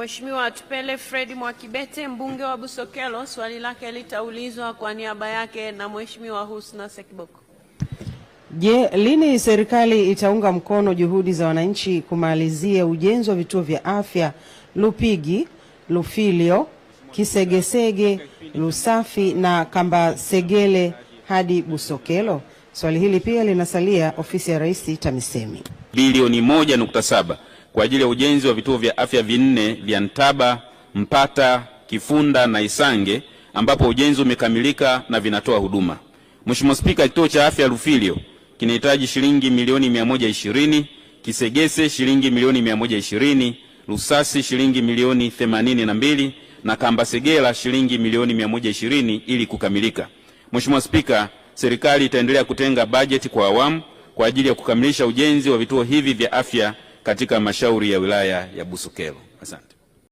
Mheshimiwa Tupele Fred Mwakibete mbunge wa Busokelo, swali lake litaulizwa kwa niaba yake na Mheshimiwa Husna Sekiboko. Je, lini serikali itaunga mkono juhudi za wananchi kumalizia ujenzi wa vituo vya afya Lupigi, lufilio Kisegesege, Lusafi na Kambasegele hadi Busokelo? Swali hili pia linasalia ofisi ya Rais TAMISEMI. Bilioni moja nukta saba kwa ajili ya ujenzi wa vituo vya afya vinne vya Ntaba, Mpata, Kifunda na Isange ambapo ujenzi umekamilika na vinatoa huduma. Mheshimiwa Spika, kituo cha afya Rufilio kinahitaji shilingi milioni 120, Kisegese shilingi milioni 120, Lusasi shilingi milioni 82 na Kambasegera shilingi milioni 120 ili kukamilika. Mheshimiwa Spika, serikali itaendelea kutenga bajeti kwa awamu kwa ajili ya kukamilisha ujenzi wa vituo hivi vya afya katika mashauri ya wilaya ya Busokelo. Asante.